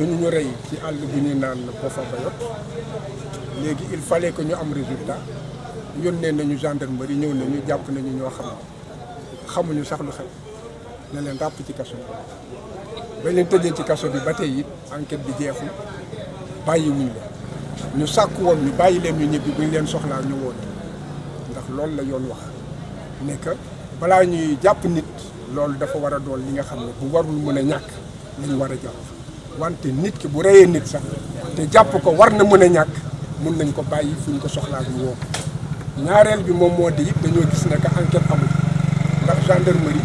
dañu ñu rey ci àll bi ñu naan Boffa Bayotte léegi il fale ko ñu am résultat yónnee nañu gendarmerie ñëw nañu jàpp nañu ñoo xam xamuñu sax lu ne leen ràpp ci kaso bi ba ci kaso bi ba tey it enquête bi jeexul bàyyiwuñ la ñu sàkku woon ñu bàyyi leen ñu ñibbi buñ leen soxlaa ñu woon ndax loolu la yoon wax ne que balaa ñuy jàpp nit loolu dafa war a doon li nga xam ne bu warul mën a ñàkk lañ war a jàpp wante nit ki bu reyee nit sax te jàpp ko war na mën a ñàkk mun nañ ko bàyyi fu ñu ko soxlaa ñu woo ñaareel bi moom moo di it dañoo gis ne que enquête amul ndax gendarmerie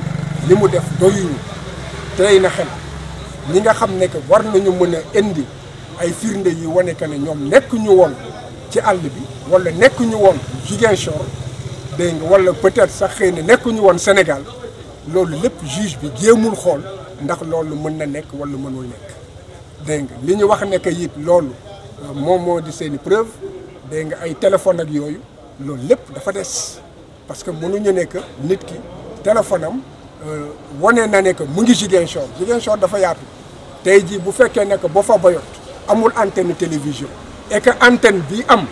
li mu def doyuñu tey na xel ñi nga xam ne que war nañu mën a indi ay firnde yi wane que ne ñoom nekk ñu woon ci àll bi wala nekk ñu woon Ziguinchor dégg nga wala peut sax xëy na nekk ñu woon Sénégal loolu lépp juge bi jéemul xool ndax loolu mën na nekk wala mënul nekk dégg nga li ñu wax nekk it loolu euh, moom moo di seen i preuve dégg nga ay téléphone ak yooyu loolu lépp dafa des parce que ñu nekk nit ki téléphone am euh, wane na ne que mu ngi Ziguinchor Ziguinchor dafa yaatu tey jii bu fekkee ne que boo fa bayot amul antenne télévision et que antenne bi am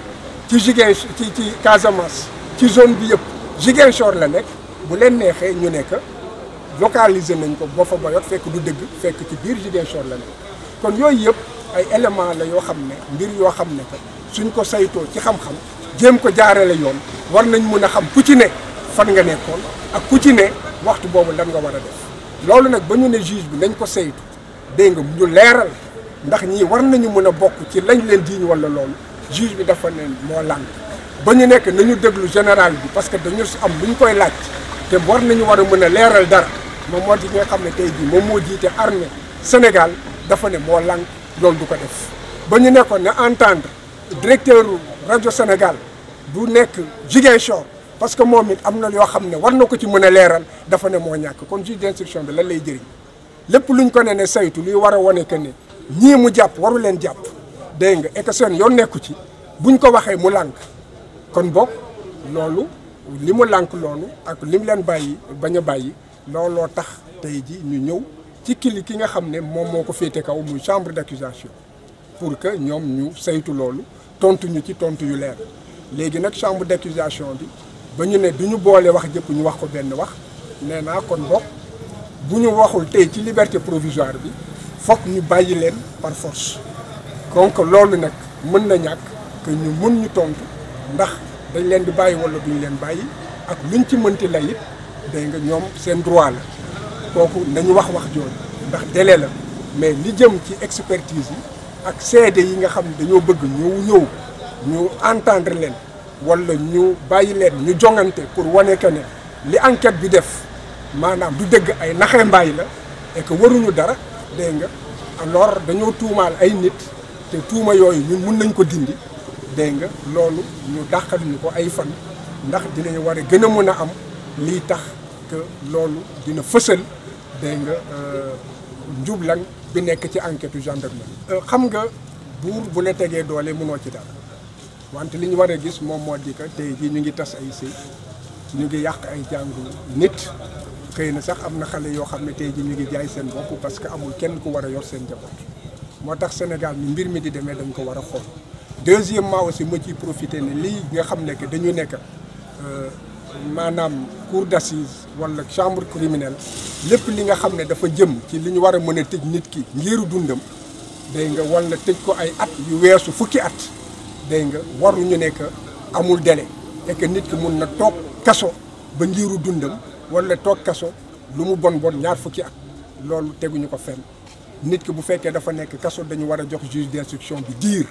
ci Ziguinchor ci ci Casamance ci zone bi yëpp Ziguinchor la nekk bu leen neexee ñu nekk localiser nañ ko boo fa bayot fekk du dëgg fekk ci biir Ziguinchor la nekk kon yooyu yëpp ay élément la yoo xam ne mbir yoo xam ne que suñ ko saytoo ci xam-xam jéem ko jaarale yoon war nañ mën a xam ku ci ne fan nga nekkoon ak ku ci ne waxtu boobu lan nga war a def loolu nag ba ñu ne bi nañ ko saytu dégg nga ñu leeral ndax ñii war nañu mën a bokk ci lañ leen jiiñ walla loolu juge bi dafa ne moo lànk ba ñu nekk nañu déglu général bi parce que dañu am lu ñu koy laaj te war nañu war a mën a leeral dara moom moo ci nga xam ne tey jii moom moo jiite armée Sénégal dafa ne moo lànk loolu du ko def ba ñu nekkoon ne entendre directeur rajo Sénégal du nekk Ziguinchor parce que moom it am na yoo xam ne war na ko ci mën a leeral dafa ne moo ñàkk kon juge d'instruction bi lan lay jëriñ lépp lu luñ ko ne ne saytu luy war a wane que ne ñii mu jàpp waru leen jàpp dégg nga et seen yoon nekku ci buñ ko waxee mu lànk kon boog loolu li mu lànk loolu ak li mu leen bàyyi bañ a bàyyi looloo tax tey ji ñu ñëw ci kili ki nga xam ne moom moo ko féete kaw muy chambre d'accusation pour que ñoom ñu saytu loolu tontu ñu ci tontu yu leer léegi nag chambre d'accusation bi ba ñu ne du ñu boolee wax jëpp ñu wax ko benn wax nee naa kon bokk bu ñu waxul tey ci liberté provisoire bi foog ñu bàyyi leen par force konk loolu nag mën na ñàkk que ñu mën ñu tontu ndax dañ leen di bàyyi wala duñ leen bàyyi ak luñ ci mënti lay it day nga ñoom seen droit la kooku nañu wax wax jooju ndax délai la mais li jëm ci expertise yi ak seede yi nga xam dañoo bëgg ñu ñëw ñu entendre leen wala ñu bàyyi leen ñu jongante pour wane que ne li enquête bi def maanaam du dëgg ay naxe mbaay la et que waruñu dara dégg nga alors dañoo tuumaal ay nit te tuuma yooyu ñun mun nañ ko dindi dégg nga loolu ñu dàqal ko ay fan ndax dinañ war a gën a mën a am lii tax que loolu dina fësal dégg nga euh, njublang bi nekk ci enquête gendarmerie euh, xam nga buur bu la tegee doole mënoo ci dara wante li ñu war a gis moom moo di que tey jii ñu ngi tas ay sëy ñu ngi yàq ay jàngu nit xëy na sax am na xale yoo xam ne tey jii ñu ngi jaay seen bopp parce que amul kenn ku war a yor seen njaboot moo tax Sénégal ni mbir mi di demee dañ ko war a xool deuxièmement aussi ma ciy profité ne lii nga xam ne que dañu nekk euh, maanaam cour d'assises wala chambre criminelle lépp li nga xam ne dafa jëm ci li ñu war a mën a tëj nit ki ngiru dundam day nga wala tëj ko ay at yu weesu fukki at day nga waruñu ñu nekk amul délai et nit ki mun na toog kaso ba ngiru dundam wala toog kaso lu mu bon bon ñaar fukki at loolu teguñu ko fenn nit ki bu fekkee dafa nekk kaso dañu war a jox juge d'instruction bi diir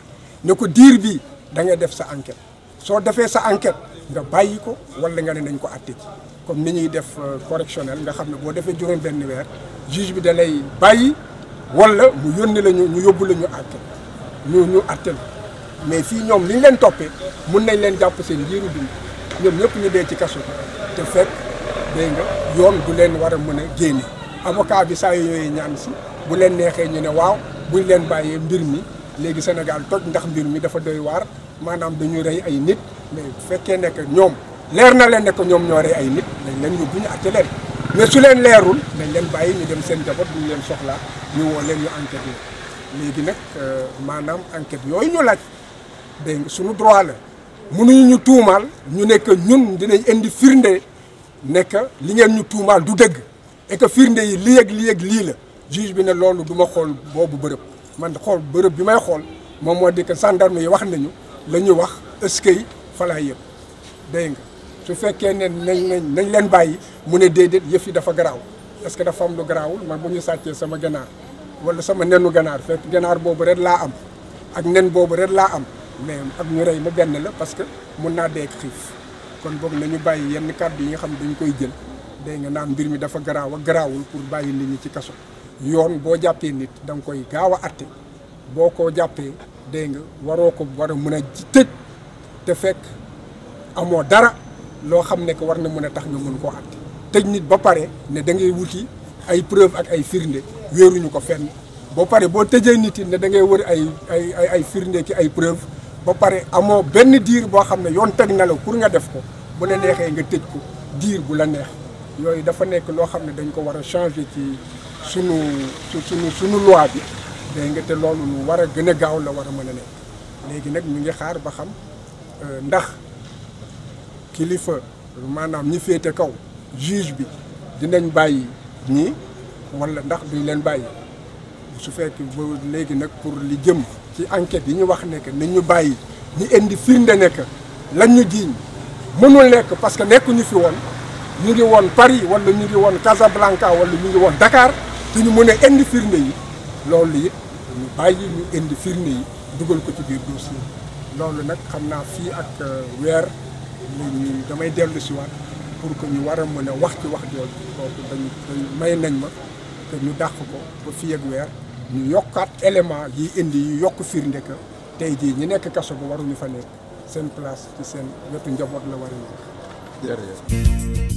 ñu ko diir bi da ngay def sa enquête soo defee sa enquête. nga bàyyi ko wala nga ne nañ ko àtte ci comme ni ñuy def euh, correctionnel nga xam ne boo defee juróom benn weer juge bi da bàyyi wala mu yónni la ñu ñu yóbbu lañu ñu àtte ñu ñu àtte mais fii ñoom li leen toppee mun nañ leen jàpp seen liiru dund ñoom ñëpp ñu dee ci kaso bi te fekk dégg nga yoon du leen war a mën a génne avocat bi saa yooyu ñaan si bu leen neexee ñu ne waaw buñ leen bàyyee mbir mi léegi Sénégal toj ndax mbir mi dafa doy waar maanaam dañu rey ay nit mais bu fekkee ne que ñoom leer na leen ne ñoom ñoo rey ay nit dañ leen bu ñu àtte leen mais su leen leerul dañ leen bàyyi ñu dem seen njaboot bu ñu leen soxlaa ñu woo leen ñu enquête yi léegi nag euh, maanaam enquête yooyu ñu laaj dégg nga droit la mënuñu ñu tuumaal ñu nekk ñun dinañ indi firnde ne li ngeen ñu tuumaal du dëgg et firnde yi lii ak lii ak lii la juge bi ne loolu du ma xool boobu bërëb man xool bërëb bi may xool moom moo di que gendarme yi wax nañu la ñu wax est-ce falaa yëpp dégg nga su fekkee ne nañ nañ nañ leen bàyyi mu ne déedéet yëf yi dafa garaaw parce que dafa am lu garaawul man bu ñu sàccee sama ganaar wala sama nenu ganaar fekk ganaar boobu rek laa am ak nen boobu rek laa am mais ak ñu rey ma benn la parce que mun naa dee xiif kon boog nañu bàyyi yenn kàddu yi nga xam ne dañ koy jël dégg nga naan mbir mi dafa garaaw ak garaawul pour bàyyi nit ñi ci kaso yoon boo jàppee nit da nga koy gaaw a atte boo ko jàppee dégg nga waroo ko war mën a tëj te fekk amoo dara loo xam ne que war na mën a tax nga mën koo àtte tëj nit ba pare ne da ngay wuti ay preuve ak ay firnde wéeruñu ko fenn ba pare boo tëjee nit yi ne da ngay wër ay ay ay firnde ki ay preuve ba pare amoo benn diir boo xam ne yoon teg na la pour nga def ko bu la neexee nga tëj ko diir bu la neex yooyu dafa nekk loo xam ne dañ ko war a changé ci sunu sunu sunu loi bi day nga te loolu lu war a gën a gaaw la war a mën a nekk léegi nag ñu ngi xaar ba xam Euh, ndax kilifa maanaam ñi féete kaw juge bi dinañ bàyyi ñii walla ndax duñ leen bàyyi su fekkee ba léegi nag pour li jëm ci enquête yi ñu wax nekk que nañ ñu bàyyi ñu indi firnde ne que lañ ñu jiiñ mënul nekk parce que nekkuñu fi woon ñu ngi woon Paris walla ñu ngi woon Casablanca walla ñu ngi woon dakaar te ñu mën a indi firnde yi loolu it ñu bàyyi ñu indi firnde yi dugal ko ci biir dossier loolu nag xam naa fii ak euh, weer ñu damay dellu si pour que ñu war a mën a wax ci wax jooju kooku dañu dañu may nañ ma te ñu dàq ko ba fii ak weer ñu yokkaat élément yi indi yu yokk firnde que tey jii ñi nekk kaso ba waruñu fa nekk seen place ci seen wetu njaboot la war a nekk